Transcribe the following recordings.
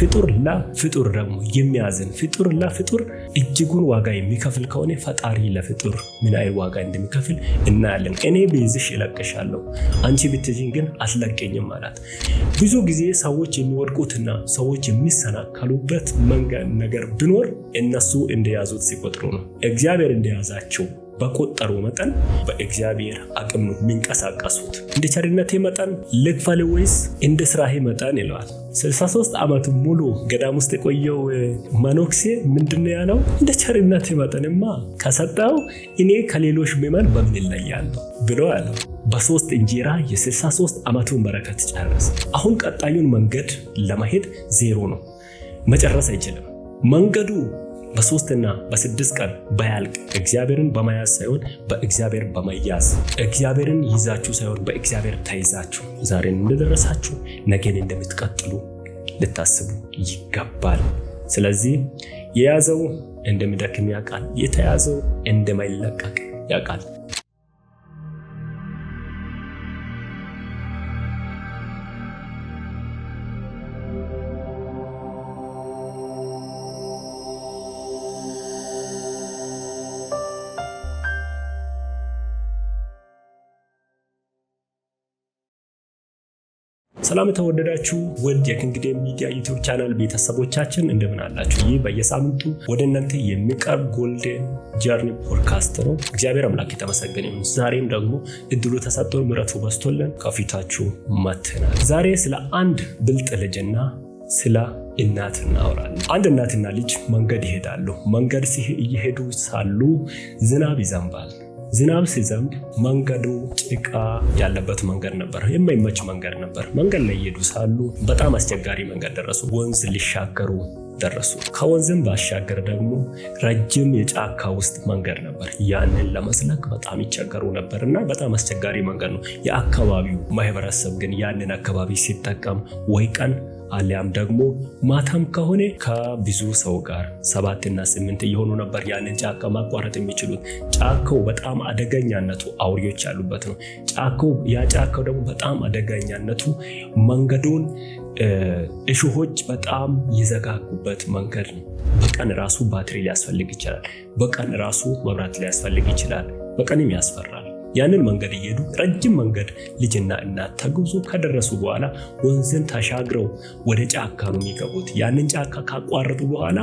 ፍጡር ለፍጡር ደግሞ የሚያዝን ፍጡር ለፍጡር እጅጉን ዋጋ የሚከፍል ከሆነ ፈጣሪ ለፍጡር ምን አይል ዋጋ እንደሚከፍል እናያለን። እኔ ብይዝሽ እለቅሻለሁ፣ አንቺ ብትይዥኝ ግን አትለቀኝም አላት። ብዙ ጊዜ ሰዎች የሚወድቁትና ሰዎች የሚሰናከሉበት መንገድ ነገር ቢኖር እነሱ እንደያዙት ሲቆጥሩ ነው እግዚአብሔር እንደያዛቸው በቆጠሩ መጠን በእግዚአብሔር አቅም ነው የሚንቀሳቀሱት። እንደ ቸርነቴ መጠን ልክፈል ወይስ እንደ ስራሄ መጠን ይለዋል። 63 ዓመት ሙሉ ገዳም ውስጥ የቆየው መኖክሴ ምንድነው ያለው? እንደ ቸርነት መጠንማ ከሰጠው እኔ ከሌሎች ምዕመናን በምን ይለያለሁ ብሎ ያለው በሶስት እንጀራ የ63 ዓመቱን በረከት ጨረሰ። አሁን ቀጣዩን መንገድ ለመሄድ ዜሮ ነው፣ መጨረስ አይችልም መንገዱ በሶስትና በስድስት ቀን ባያልቅ እግዚአብሔርን በመያዝ ሳይሆን በእግዚአብሔር በመያዝ እግዚአብሔርን ይዛችሁ ሳይሆን በእግዚአብሔር ተይዛችሁ ዛሬን እንደደረሳችሁ ነገን እንደምትቀጥሉ ልታስቡ ይገባል። ስለዚህ የያዘው እንደሚደክም ያውቃል፣ የተያዘው እንደማይለቀቅ ያውቃል። ሰላም የተወደዳችሁ ውድ የክንግዴ ሚዲያ ዩቲዩብ ቻናል ቤተሰቦቻችን እንደምን አላችሁ? ይህ በየሳምንቱ ወደ እናንተ የሚቀርብ ጎልደን ጀርኒ ፖድካስት ነው። እግዚአብሔር አምላክ የተመሰገነ ይሁን። ዛሬም ደግሞ እድሉ ተሰጥቶ ምረቱ በዝቶልን ከፊታችሁ መትናል። ዛሬ ስለ አንድ ብልጥ ልጅና ስለ እናት እናወራለን። አንድ እናትና ልጅ መንገድ ይሄዳሉ። መንገድ እየሄዱ ሳሉ ዝናብ ይዘንባል። ዝናብ ሲዘንብ መንገዱ ጭቃ ያለበት መንገድ ነበር። የማይመች መንገድ ነበር። መንገድ ላይ እየሄዱ ሳሉ በጣም አስቸጋሪ መንገድ ደረሱ። ወንዝ ሊሻገሩ ደረሱ። ከወንዝም ባሻገር ደግሞ ረጅም የጫካ ውስጥ መንገድ ነበር። ያንን ለመስለክ በጣም ይቸገሩ ነበር እና በጣም አስቸጋሪ መንገድ ነው። የአካባቢው ማህበረሰብ ግን ያንን አካባቢ ሲጠቀም ወይ ቀን አሊያም ደግሞ ማታም ከሆነ ከብዙ ሰው ጋር ሰባትና ስምንት እየሆኑ ነበር ያንን ጫካ ማቋረጥ የሚችሉት። ጫካው በጣም አደገኛነቱ አውሬዎች ያሉበት ነው። ጫካው ያ ጫካው ደግሞ በጣም አደገኛነቱ መንገዱን እሾሆች በጣም ይዘጋጉበት መንገድ ነው። በቀን ራሱ ባትሪ ሊያስፈልግ ይችላል። በቀን ራሱ መብራት ሊያስፈልግ ይችላል። በቀንም ያስፈራል። ያንን መንገድ እየሄዱ ረጅም መንገድ ልጅና እናት ተጉዞ ከደረሱ በኋላ ወንዝን ተሻግረው ወደ ጫካ ነው የሚገቡት። ያንን ጫካ ካቋረጡ በኋላ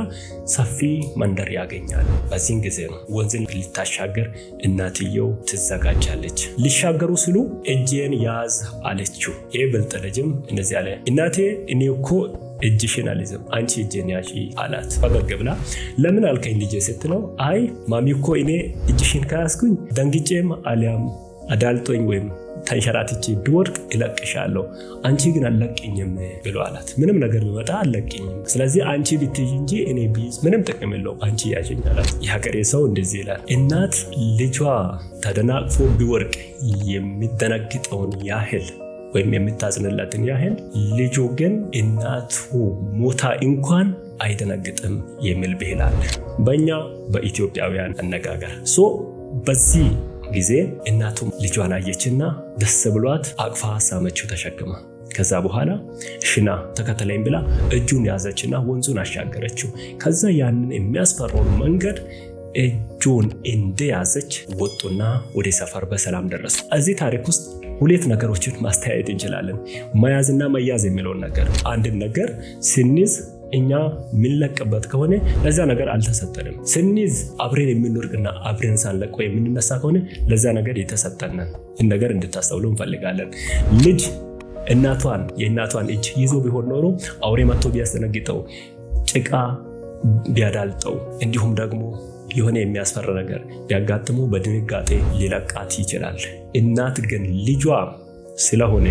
ሰፊ መንደር ያገኛሉ። በዚህን ጊዜ ነው ወንዝን ልታሻገር እናትየው ትዘጋጃለች። ሊሻገሩ ስሉ እጄን ያዝ አለችው። ይህ ብልጥ ልጅም እንደዚህ አለ፣ እናቴ እኔ እኮ እጅሽን አልይዝም አንቺ እጄን ያሺ አላት። ፈገግ ብላ ለምን አልከኝ ልጄ ስትለው አይ ማሚ እኮ እኔ እጅሽን ከያዝኩኝ ደንግጬም አሊያም አዳልጦኝ ወይም ተንሸራትቼ ብወድቅ እለቅሻለሁ፣ አንቺ ግን አለቅኝም ብሎ አላት። ምንም ነገር ቢመጣ አለቅኝም። ስለዚህ አንቺ ብትይ እንጂ እኔ ብይዝ ምንም ጥቅም የለውም፣ አንቺ ያዥኝ አላት። የሀገሬ ሰው እንደዚህ ይላል። እናት ልጇ ተደናቅፎ ቢወድቅ የሚደነግጠውን ያህል ወይም የምታዝንለትን ያህል ልጁ ግን እናቱ ሞታ እንኳን አይደነግጥም የሚል ብሂል አለ በእኛ በኢትዮጵያውያን አነጋገር። ሶ በዚህ ጊዜ እናቱ ልጇን አየችና ደስ ብሏት አቅፋ ሳመችው ተሸክማ ከዛ በኋላ ሽና ተከተለኝ ብላ እጁን ያዘችና ወንዙን አሻገረችው። ከዛ ያንን የሚያስፈራውን መንገድ እጁን እንደያዘች ወጡና ወደ ሰፈር በሰላም ደረሱ። እዚህ ታሪክ ውስጥ ሁለት ነገሮችን ማስተያየት እንችላለን። መያዝና መያዝ የሚለውን ነገር አንድን ነገር ስንይዝ እኛ የምንለቅበት ከሆነ ለዛ ነገር አልተሰጠንም። ስንይዝ አብሬን የምንወርቅና አብሬን ሳንለቅ የምንነሳ ከሆነ ለዛ ነገር የተሰጠንን ይህን ነገር እንድታስተውሉ እንፈልጋለን። ልጅ እናቷን የእናቷን እጅ ይዞ ቢሆን ኖሮ አውሬ መጥቶ ቢያስደነግጠው፣ ጭቃ ቢያዳልጠው፣ እንዲሁም ደግሞ የሆነ የሚያስፈራ ነገር ቢያጋጥሙ በድንጋጤ ሊለቃት ይችላል። እናት ግን ልጇ ስለሆነ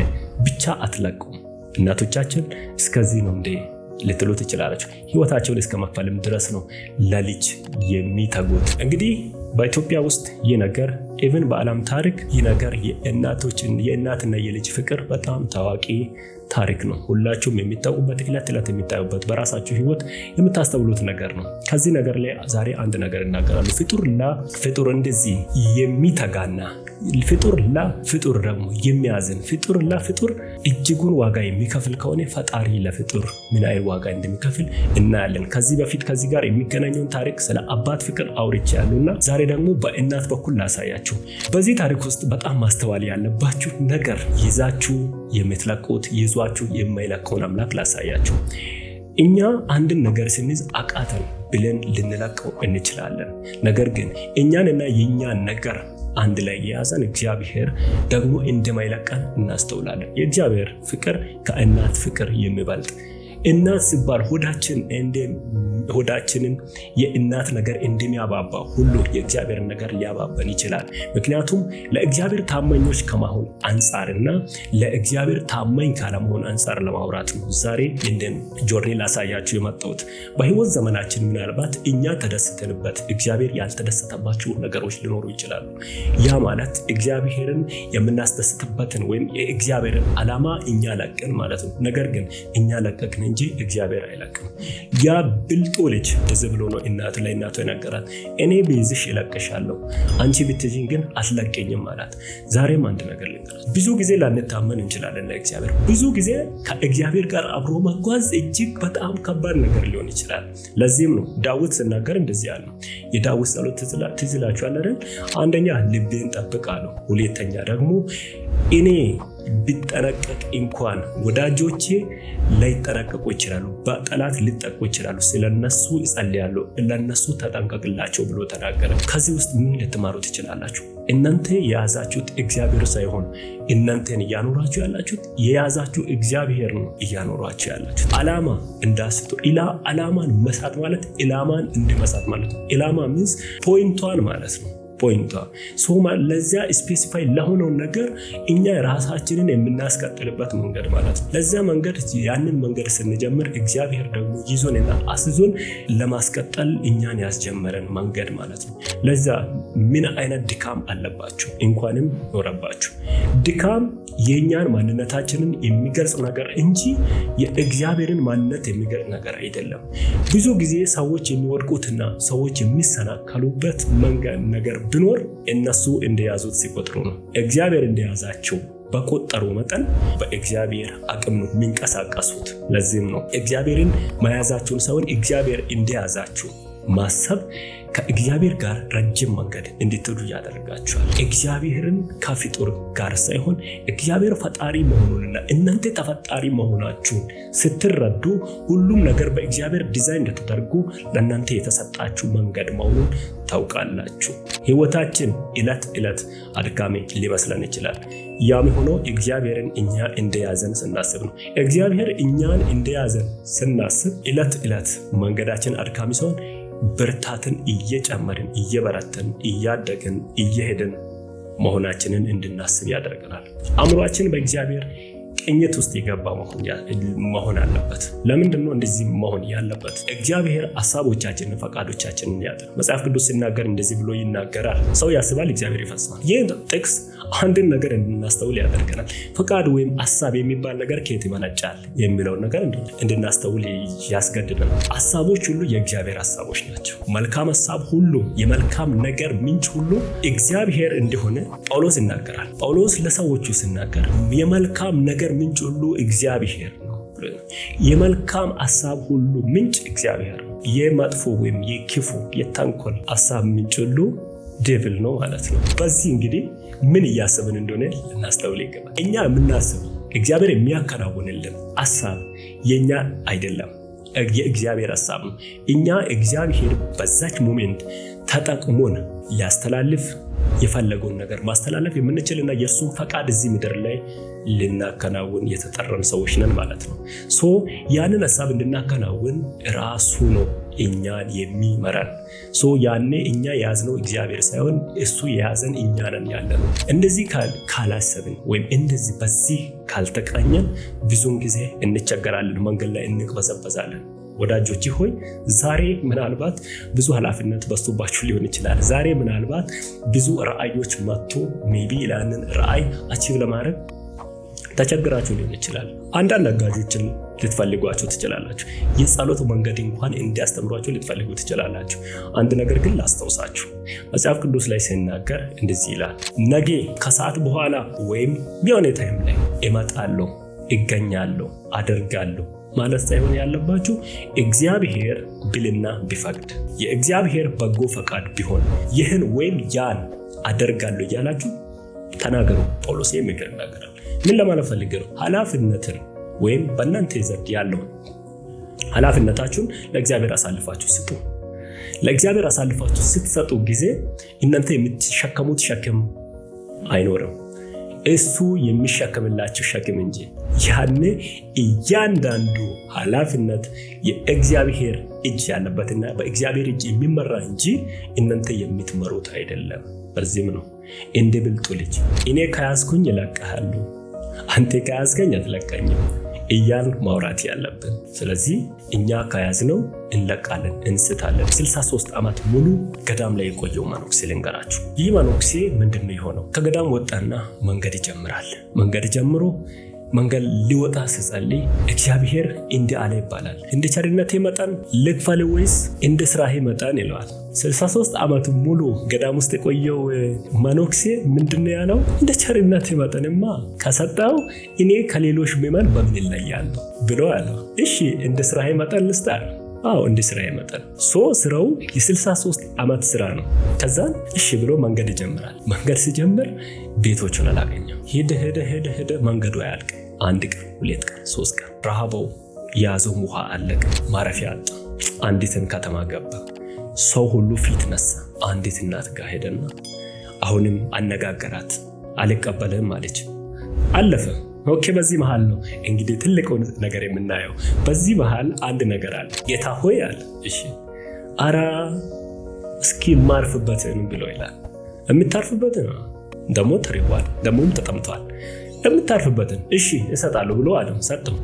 ብቻ አትለቁም። እናቶቻችን እስከዚህ ነው እንዴ ልትሉ ትችላለች። ህይወታቸውን እስከ መክፈልም ድረስ ነው ለልጅ የሚተጉት። እንግዲህ በኢትዮጵያ ውስጥ ይህ ነገር ኢቨን በዓለም ታሪክ ይህ ነገር የእናትና የልጅ ፍቅር በጣም ታዋቂ ታሪክ ነው። ሁላችሁም የሚታውቁበት ዕለት ዕለት የሚታዩበት በራሳችሁ ህይወት የምታስተውሉት ነገር ነው። ከዚህ ነገር ላይ ዛሬ አንድ ነገር እናገራለሁ። ፍጡር እንደዚህ የሚተጋና ፍጡር ለፍጡር ደግሞ የሚያዝን ፍጡር ለፍጡር እጅጉን ዋጋ የሚከፍል ከሆነ ፈጣሪ ለፍጡር ምን አይነት ዋጋ እንደሚከፍል እናያለን። ከዚህ በፊት ከዚህ ጋር የሚገናኘውን ታሪክ ስለ አባት ፍቅር አውርቼ ያሉና ዛሬ ደግሞ በእናት በኩል ላሳያችሁ። በዚህ ታሪክ ውስጥ በጣም ማስተዋል ያለባችሁ ነገር ይዛችሁ የምትለቁት ይዟችሁ የማይለቀውን አምላክ ላሳያችሁ። እኛ አንድን ነገር ስንይዝ አቃተን ብለን ልንለቀው እንችላለን። ነገር ግን እኛንና የእኛን ነገር አንድ ላይ የያዘን እግዚአብሔር ደግሞ እንደማይለቀን እናስተውላለን። የእግዚአብሔር ፍቅር ከእናት ፍቅር የሚበልጥ እናት ሲባል ሆዳችን ሆዳችንን የእናት ነገር እንደሚያባባ ሁሉ የእግዚአብሔር ነገር ሊያባበን ይችላል። ምክንያቱም ለእግዚአብሔር ታማኞች ከማሆን አንጻርና ለእግዚአብሔር ታማኝ ካለመሆን አንጻር ለማውራት ነው ዛሬ እንደን ጆርኒ ላሳያችሁ የመጣሁት። በህይወት ዘመናችን ምናልባት እኛ ተደስተንበት እግዚአብሔር ያልተደሰተባቸው ነገሮች ሊኖሩ ይችላሉ። ያ ማለት እግዚአብሔርን የምናስደስትበትን ወይም የእግዚአብሔርን ዓላማ እኛ ለቅን ማለት ነው። ነገር ግን እኛ ለቀቅን እንጂ እግዚአብሔር አይለቅም። ያ ብልጡ ልጅ እንደዚህ ብሎ ነው እናቱ ለእናቱ የነገራት፣ እኔ ብይዝሽ እለቅሻለሁ፣ አንቺ ብትይዥኝ ግን አትለቀኝም አላት። ዛሬም አንድ ነገር ልንገራት፣ ብዙ ጊዜ ላንታመን እንችላለን ለእግዚአብሔር። ብዙ ጊዜ ከእግዚአብሔር ጋር አብሮ መጓዝ እጅግ በጣም ከባድ ነገር ሊሆን ይችላል። ለዚህም ነው ዳዊት ስናገር እንደዚህ ያለ የዳዊት ጸሎት ትዝ አይደል? አንደኛ ልቤን ጠብቃለሁ፣ ሁለተኛ ደግሞ እኔ ቢጠነቀቅ እንኳን ወዳጆቼ ላይጠነቀቁ ይችላሉ። በጠላት ሊጠቁ ይችላሉ። ስለነሱ ይጸልያሉ፣ ለነሱ ተጠንቀቅላቸው ብሎ ተናገረ። ከዚህ ውስጥ ምን ልትማሩ ትችላላችሁ? እናንተ የያዛችሁት እግዚአብሔር ሳይሆን እናንተን እያኖራችሁ ያላችሁት የያዛችሁ እግዚአብሔር ነው እያኖራችሁ ያላችሁት። አላማ እንዳስቶ ኢላ አላማን መሳት ማለት ኢላማን እንድመሳት ማለት ነው። ኢላማ ሚንስ ፖይንቷን ማለት ነው። ፖይንቷ ለዚያ ስፔሲፋይ ለሆነው ነገር እኛ ራሳችንን የምናስቀጥልበት መንገድ ማለት ነው። ለዚያ መንገድ ያንን መንገድ ስንጀምር እግዚአብሔር ደግሞ ይዞን እና አስዞን ለማስቀጠል እኛን ያስጀመረን መንገድ ማለት ነው። ለዛ ምን አይነት ድካም አለባችሁ? እንኳንም ኖረባችሁ። ድካም የእኛን ማንነታችንን የሚገልጽ ነገር እንጂ የእግዚአብሔርን ማንነት የሚገልጽ ነገር አይደለም። ብዙ ጊዜ ሰዎች የሚወድቁትና ሰዎች የሚሰናከሉበት መንገድ ነገር ብኖር እነሱ እንደያዙት ሲቆጥሩ ነው። እግዚአብሔር እንደያዛቸው በቆጠሩ መጠን በእግዚአብሔር አቅም ነው የሚንቀሳቀሱት። ለዚህም ነው እግዚአብሔርን መያዛችሁን ሳይሆን እግዚአብሔር እንደያዛችሁ ማሰብ ከእግዚአብሔር ጋር ረጅም መንገድ እንድትሄዱ ያደርጋችኋል። እግዚአብሔርን ከፍጡር ጋር ሳይሆን እግዚአብሔር ፈጣሪ መሆኑንና እናንተ ተፈጣሪ መሆናችሁን ስትረዱ ሁሉም ነገር በእግዚአብሔር ዲዛይን እንደተደርጎ ለእናንተ የተሰጣችሁ መንገድ መሆኑን ታውቃላችሁ። ህይወታችን እለት እለት አድካሚ ሊመስለን ይችላል። ያም ሆኖ እግዚአብሔርን እኛ እንደያዘን ስናስብ ነው። እግዚአብሔር እኛን እንደያዘን ስናስብ እለት እለት መንገዳችን አድካሚ ሲሆን ብርታትን እየጨመርን እየበረተን እያደግን እየሄድን መሆናችንን እንድናስብ ያደርገናል። አእምሯችን በእግዚአብሔር ቅኝት ውስጥ የገባ መሆን አለበት። ለምንድን ነው እንደዚህ መሆን ያለበት? እግዚአብሔር ሀሳቦቻችንን፣ ፈቃዶቻችንን ያጥር። መጽሐፍ ቅዱስ ሲናገር እንደዚህ ብሎ ይናገራል፣ ሰው ያስባል፣ እግዚአብሔር ይፈጽማል። ይህ ጥቅስ አንድን ነገር እንድናስተውል ያደርገናል። ፈቃድ ወይም ሀሳብ የሚባል ነገር ከየት ይመነጫል የሚለውን ነገር እንድናስተውል ያስገድደናል። ሀሳቦች ሁሉ የእግዚአብሔር ሀሳቦች ናቸው። መልካም ሀሳብ ሁሉ የመልካም ነገር ምንጭ ሁሉ እግዚአብሔር እንደሆነ ጳውሎስ ይናገራል። ጳውሎስ ለሰዎቹ ሲናገር የመልካም ነገር ምንጭ ሁሉ እግዚአብሔር ነው። የመልካም ሀሳብ ሁሉ ምንጭ እግዚአብሔር ነው። የመጥፎ ወይም የክፉ የተንኮል ሀሳብ ምንጭ ሁሉ ዴቪል ነው ማለት ነው። በዚህ እንግዲህ ምን እያሰብን እንደሆነ ልናስተውል ይገባል። እኛ የምናስብ እግዚአብሔር የሚያከናውንልን አሳብ የእኛ አይደለም፣ የእግዚአብሔር ሀሳብ ነው። እኛ እግዚአብሔር በዛች ሞሜንት ተጠቅሞን ሊያስተላልፍ የፈለገውን ነገር ማስተላለፍ የምንችልና የእሱን ፈቃድ እዚህ ምድር ላይ ልናከናውን የተጠረን ሰዎች ነን ማለት ነው። ሶ ያንን ሀሳብ እንድናከናውን ራሱ ነው እኛን የሚመራን ሶ ያኔ እኛ የያዝነው እግዚአብሔር ሳይሆን እሱ የያዘን እኛ ነን ያለ ነው። እንደዚህ ካላሰብን ወይም እንደዚህ በዚህ ካልተቃኘን ብዙን ጊዜ እንቸገራለን፣ መንገድ ላይ እንቅበዘበዛለን። ወዳጆች ሆይ ዛሬ ምናልባት ብዙ ኃላፊነት በዝቶባችሁ ሊሆን ይችላል። ዛሬ ምናልባት ብዙ ራዕዮች መጥቶ ሜቢ ላንን ራዕይ አቺቭ ለማድረግ ተቸግራችሁ ሊሆን ይችላል። አንዳንድ አጋዦችን ልትፈልጓቸው ትችላላችሁ። የጸሎት መንገድ እንኳን እንዲያስተምሯቸው ልትፈልጉ ትችላላችሁ። አንድ ነገር ግን ላስታውሳችሁ፣ መጽሐፍ ቅዱስ ላይ ሲናገር እንደዚህ ይላል፣ ነጌ ከሰዓት በኋላ ወይም የሆነ ታይም ላይ እመጣለሁ፣ እገኛለሁ፣ አደርጋለሁ ማለት ሳይሆን ያለባችሁ እግዚአብሔር ብልና ቢፈቅድ የእግዚአብሔር በጎ ፈቃድ ቢሆን ይህን ወይም ያን አደርጋለሁ እያላችሁ ተናገሩ። ጳውሎስ የሚገር ነገር ምን ለማለት ፈልጌ ነው? ኃላፊነትን ወይም በእናንተ ዘንድ ያለውን ኃላፊነታችሁን ለእግዚአብሔር አሳልፋችሁ ስጡ። ለእግዚአብሔር አሳልፋችሁ ስትሰጡ ጊዜ እናንተ የምትሸከሙት ሸክም አይኖርም፣ እሱ የሚሸከምላችሁ ሸክም እንጂ። ያኔ እያንዳንዱ ኃላፊነት የእግዚአብሔር እጅ ያለበትና በእግዚአብሔር እጅ የሚመራ እንጂ እናንተ የምትመሩት አይደለም። በዚህም ነው እንደ ብልጡ ልጅ እኔ ከያዝኩኝ ይለቅሃሉ አንቴ ከያዝከኝ አትለቀኝም እያል ማውራት ያለብን። ስለዚህ እኛ ከያዝነው እንለቃለን፣ እንስታለን። 63 ዓመት ሙሉ ገዳም ላይ የቆየው ማኖክሴ ልንገራችሁ። ይህ ማኖክሴ ምንድን ነው የሆነው? ከገዳም ወጣና መንገድ ይጀምራል። መንገድ ጀምሮ መንገድ ሊወጣ ስጸልይ እግዚአብሔር እንዲህ አለ ይባላል። እንደ ቸርነቴ መጠን ልክፈል ወይስ እንደ ስራሄ መጠን ይለዋል። 63 ዓመት ሙሉ ገዳም ውስጥ የቆየው መኖክሴ ምንድነው ያለው? እንደ ቸርነቴ መጠንማ ከሰጠው እኔ ከሌሎች ምዕመናን በምን ይለያሉ ብሎ ያለው። እሺ እንደ ስራሄ መጠን ልስጣል አዎ እንደ ስራ ይመጣል። ሶ ስራው የ63 ዓመት ስራ ነው። ከዛን እሺ ብሎ መንገድ ይጀምራል። መንገድ ሲጀምር ቤቶቹን አላገኘም። ሄደ ሄደ ሄደ ሄደ መንገዱ አያልቅ። አንድ ቀን፣ ሁለት ቀን፣ ሶስት ቀን ረሃበው የያዘውን ውሃ አለቀ። ማረፊያ አጣ። አንዲትን ከተማ ገባ። ሰው ሁሉ ፊት ነሳ። አንዲት እናት ጋር ሄደና አሁንም አነጋገራት። አልቀበልህም አለች። አለፈ። ኦኬ፣ በዚህ መሃል ነው እንግዲህ ትልቅ ነገር የምናየው። በዚህ መሃል አንድ ነገር አለ። ጌታ ሆይ አለ። እሺ፣ አራ እስኪ ማርፍበትን ብሎ ይላል። የምታርፍበት ነው ደግሞ ጥሪዋል። ደግሞም ተጠምቷል። የምታልፍበትን እሺ እሰጣለሁ ብሎ አለም ሰጠው።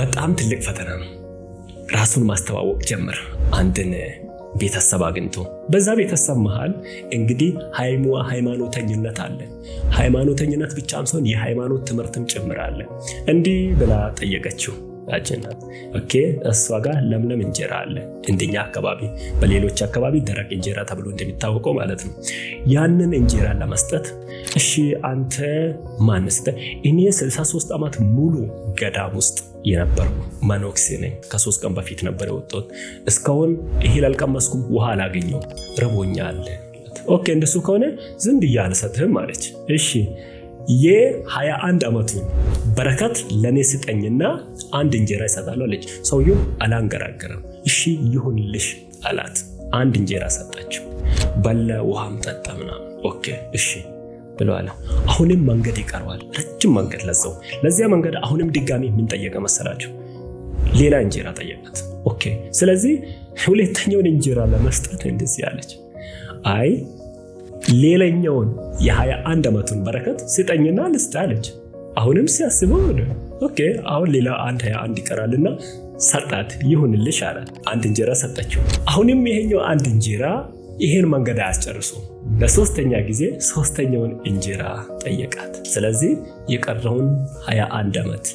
በጣም ትልቅ ፈተና ነው። ራሱን ማስተዋወቅ ጀምር አንድን ቤተሰብ አግኝቶ በዛ ቤተሰብ መሃል እንግዲህ ሃይሞ ሃይማኖተኝነት አለ። ሃይማኖተኝነት ብቻም ሳይሆን የሃይማኖት ትምህርትም ጭምር አለ። እንዲህ ብላ ጠየቀችው። ያችን ናት። ኦኬ እሷ ጋር ለምለም እንጀራ አለ። እንደኛ አካባቢ በሌሎች አካባቢ ደረቅ እንጀራ ተብሎ እንደሚታወቀው ማለት ነው። ያንን እንጀራ ለመስጠት እሺ፣ አንተ ማንስተ እኔ 63 ዓመት ሙሉ ገዳም ውስጥ የነበርኩ መኖክሴ ነኝ። ከሶስት ቀን በፊት ነበር የወጣሁት። እስካሁን እህል አልቀመስኩም፣ ውሃ አላገኘሁም፣ ረቦኛል። ኦኬ እንደሱ ከሆነ ዝም ብዬ አልሰጥህም አለች። እሺ የ21 ዓመቱን በረከት ለእኔ ስጠኝና አንድ እንጀራ ይሰጣሉ አለች። ሰውየው አላንገራገረም። እሺ ይሁንልሽ አላት። አንድ እንጀራ ሰጣቸው። በለ ውሃም ጠጣ ምናምን። ኦኬ እሺ ብለዋል። አሁንም መንገድ ይቀረዋል፣ ረጅም መንገድ ለዛው። ለዚያ መንገድ አሁንም ድጋሚ ምን ጠየቀ መሰላችሁ? ሌላ እንጀራ ጠየቃት። ኦኬ ስለዚህ ሁለተኛውን እንጀራ ለመስጠት እንደዚህ አለች፣ አይ ሌላኛውን የ21 ዓመቱን በረከት ስጠኝና ልስጥ አለች። አሁንም ሲያስበው ኦኬ አሁን ሌላ አንድ ሀያ አንድ ይቀራል ሰጣት። ይሁንልሽ አላት። አንድ እንጀራ ሰጠችው። አሁንም ይሄኛው አንድ እንጀራ ይሄን መንገድ አያስጨርሱ። ለሶስተኛ ጊዜ ሶስተኛውን እንጀራ ጠየቃት። ስለዚህ የቀረውን ሀያ አንድ ዓመት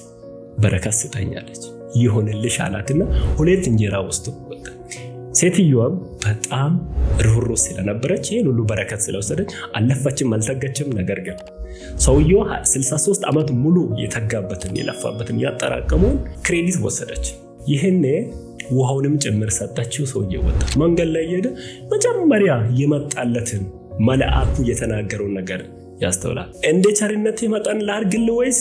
በረከት ስጠኛለች። ይሁንልሽ አላትና ሁለት እንጀራ ውስጥ ሴትዮዋም በጣም ርኅሩ ስለነበረች ይህን ሁሉ በረከት ስለወሰደች አልለፋችም፣ አልተጋችም። ነገር ግን ሰውየዋ 63 ዓመት ሙሉ የተጋበትን የለፋበትን ያጠራቀመውን ክሬዲት ወሰደች። ይህኔ ውሃውንም ጭምር ሰጠችው። ሰውየ ወጣ፣ መንገድ ላይ እየሄደ መጀመሪያ የመጣለትን መልአኩ የተናገረውን ነገር ያስተውላል። እንደ ቸርነት መጠን ላርግል ወይስ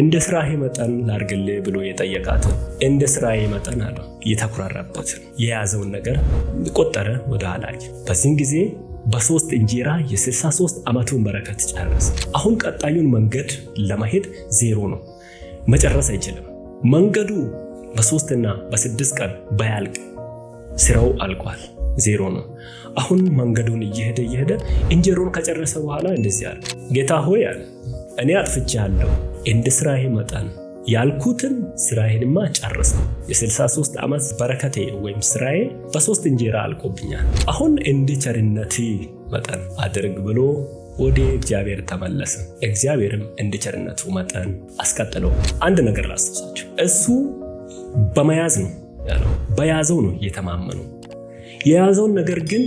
እንደ ስራህ መጠን ላርግል ብሎ የጠየቃት እንደ ስራዬ መጠን አለው። የተኩራራበትን የያዘውን ነገር ቆጠረ ወደ ኋላጅ በዚህን ጊዜ በሶስት እንጀራ የ63 ዓመቱን በረከት ጨረሰ። አሁን ቀጣዩን መንገድ ለመሄድ ዜሮ ነው፣ መጨረስ አይችልም። መንገዱ በሶስትና በስድስት ቀን ባያልቅ ስራው አልቋል፣ ዜሮ ነው። አሁን መንገዱን እየሄደ እየሄደ እንጀሮን ከጨረሰ በኋላ እንደዚህ አለ። ጌታ ሆይ አለ እኔ አጥፍቻለሁ እንደ ስራዬ መጠን ያልኩትን ስራዬንማ ጨረስኩ። የ63 ዓመት በረከቴ ወይም ስራዬ በሶስት እንጀራ አልቆብኛል። አሁን እንደ ቸርነት መጠን አድርግ ብሎ ወደ እግዚአብሔር ተመለሰ። እግዚአብሔርም እንደ ቸርነቱ መጠን አስቀጥለው። አንድ ነገር ላስታውሳችሁ፣ እሱ በመያዝ ነው ያለው፣ በያዘው ነው የተማመነው። የያዘውን ነገር ግን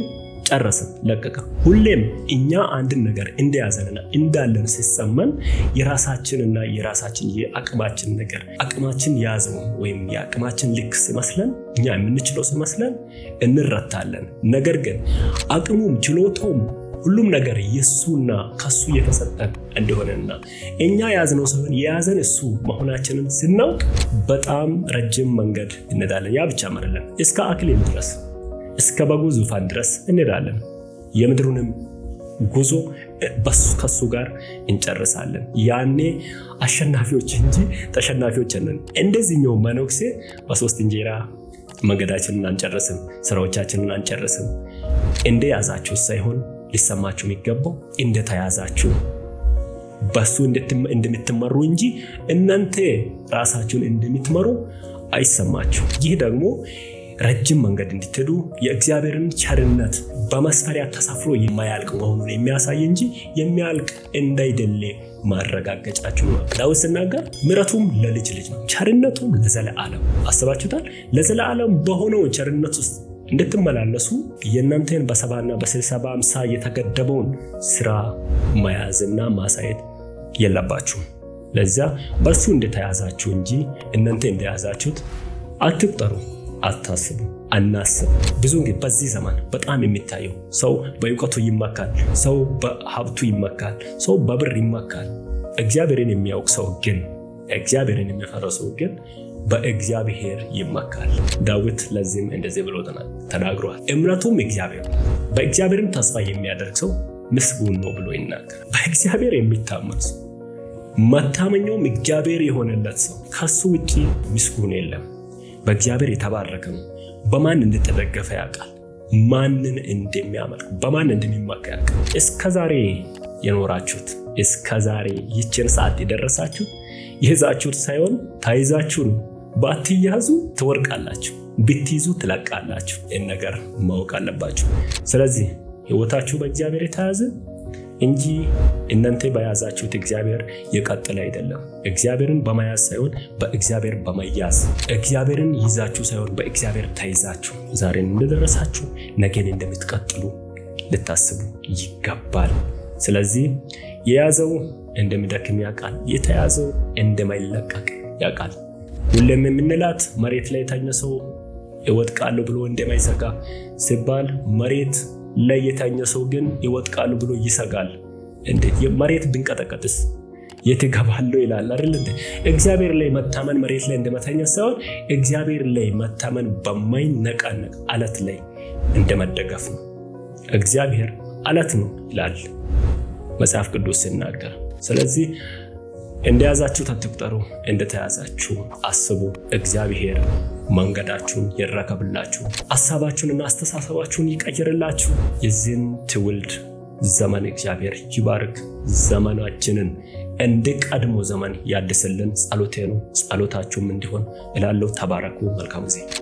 ጨረሰ፣ ለቀቀ። ሁሌም እኛ አንድን ነገር እንደያዘንና እንዳለን ሲሰማን የራሳችንና የራሳችን የአቅማችን ነገር አቅማችን የያዘውን ወይም የአቅማችን ልክ ሲመስለን እኛ የምንችለው ሲመስለን እንረታለን። ነገር ግን አቅሙም ችሎታውም ሁሉም ነገር የእሱና ከሱ የተሰጠን እንደሆነና እኛ የያዝነው ሳይሆን የያዘን እሱ መሆናችንን ስናውቅ በጣም ረጅም መንገድ እንሄዳለን። ያ ብቻ መረለን እስከ አክሊል ድረስ እስከ በጉ ዙፋን ድረስ እንሄዳለን። የምድሩንም ጉዞ ከሱ ጋር እንጨርሳለን። ያኔ አሸናፊዎች እንጂ ተሸናፊዎች ነን። እንደዚህኛው መነኩሴ በሶስት እንጀራ መንገዳችንን አንጨርስም፣ ስራዎቻችንን አንጨርስም። እንደ ያዛችሁ ሳይሆን ሊሰማችሁ የሚገባው እንደተያዛችሁ በሱ እንደምትመሩ እንጂ እናንተ ራሳችሁን እንደምትመሩ አይሰማችሁ። ይህ ደግሞ ረጅም መንገድ እንድትሄዱ የእግዚአብሔርን ቸርነት በመስፈሪያ ተሰፍሮ የማያልቅ መሆኑን የሚያሳይ እንጂ የሚያልቅ እንዳይደሌ ማረጋገጫችሁ ነው። ዳዊት ስናገር ምረቱም ለልጅ ልጅ ነው፣ ቸርነቱም ለዘለዓለም። አስባችሁታል? ለዘለዓለም በሆነው ቸርነት ውስጥ እንድትመላለሱ የእናንተን በሰባና በስልሳ አምሳ የተገደበውን ስራ መያዝና ማሳየት የለባችሁም። ለዚያ በእርሱ እንደተያዛችሁ እንጂ እናንተ እንደያዛችሁት አትቁጠሩ። አታስቡ፣ አናስብ። ብዙ ጊዜ በዚህ ዘመን በጣም የሚታየው ሰው በእውቀቱ ይመካል፣ ሰው በሀብቱ ይመካል፣ ሰው በብር ይመካል። እግዚአብሔርን የሚያውቅ ሰው ግን እግዚአብሔርን የሚፈራ ሰው ግን በእግዚአብሔር ይመካል። ዳዊት ለዚህም እንደዚህ ብሎ ተናግሯል። እምነቱም እግዚአብሔር በእግዚአብሔርም ተስፋ የሚያደርግ ሰው ምስጉን ነው ብሎ ይናገራል። በእግዚአብሔር የሚታመን ሰው መታመኛውም እግዚአብሔር የሆነለት ሰው ከሱ ውጭ ምስጉን የለም። በእግዚአብሔር የተባረከ ነው። በማን እንደተደገፈ ያውቃል። ማንን እንደሚያመልክ በማን እንደሚመካ ያውቃል። እስከ ዛሬ የኖራችሁት እስከ ዛሬ ይችን ሰዓት የደረሳችሁት የያዛችሁት ሳይሆን ታይዛችሁ ነው። ባትያዙ ትወርቃላችሁ፣ ብትይዙ ትለቃላችሁ። ይህን ነገር ማወቅ አለባችሁ። ስለዚህ ህይወታችሁ በእግዚአብሔር የተያዘ እንጂ እናንተ በያዛችሁት እግዚአብሔር የቀጠለ አይደለም። እግዚአብሔርን በመያዝ ሳይሆን በእግዚአብሔር በመያዝ እግዚአብሔርን ይዛችሁ ሳይሆን በእግዚአብሔር ተይዛችሁ ዛሬን እንደደረሳችሁ ነገን እንደምትቀጥሉ ልታስቡ ይገባል። ስለዚህ የያዘው እንደሚደክም ያውቃል፣ የተያዘው እንደማይለቀቅ ያውቃል። ሁሌም የምንላት መሬት ላይ የተኛ ሰው እወድቃለሁ ብሎ እንደማይሰጋ ሲባል መሬት ላይ የተኛ ሰው ግን ይወጥቃሉ ብሎ ይሰጋል። መሬት ብንቀጠቀጥስ የት እገባለሁ ይላል አይደል? እንዴ እግዚአብሔር ላይ መታመን መሬት ላይ እንደመተኛ ሳይሆን እግዚአብሔር ላይ መታመን በማይነቃነቅ አለት ላይ እንደመደገፍ ነው። እግዚአብሔር አለት ነው ይላል መጽሐፍ ቅዱስ ሲናገር። ስለዚህ እንደያዛችሁ ተትቁጠሩ፣ እንደተያዛችሁ አስቡ። እግዚአብሔር መንገዳችሁን ይረከብላችሁ፣ ሀሳባችሁንና አስተሳሰባችሁን ይቀይርላችሁ። የዚህን ትውልድ ዘመን እግዚአብሔር ይባርክ። ዘመናችንን እንደ ቀድሞ ዘመን ያድስልን። ጸሎቴ ነው፣ ጸሎታችሁም እንዲሆን እላለሁ። ተባረኩ። መልካም ጊዜ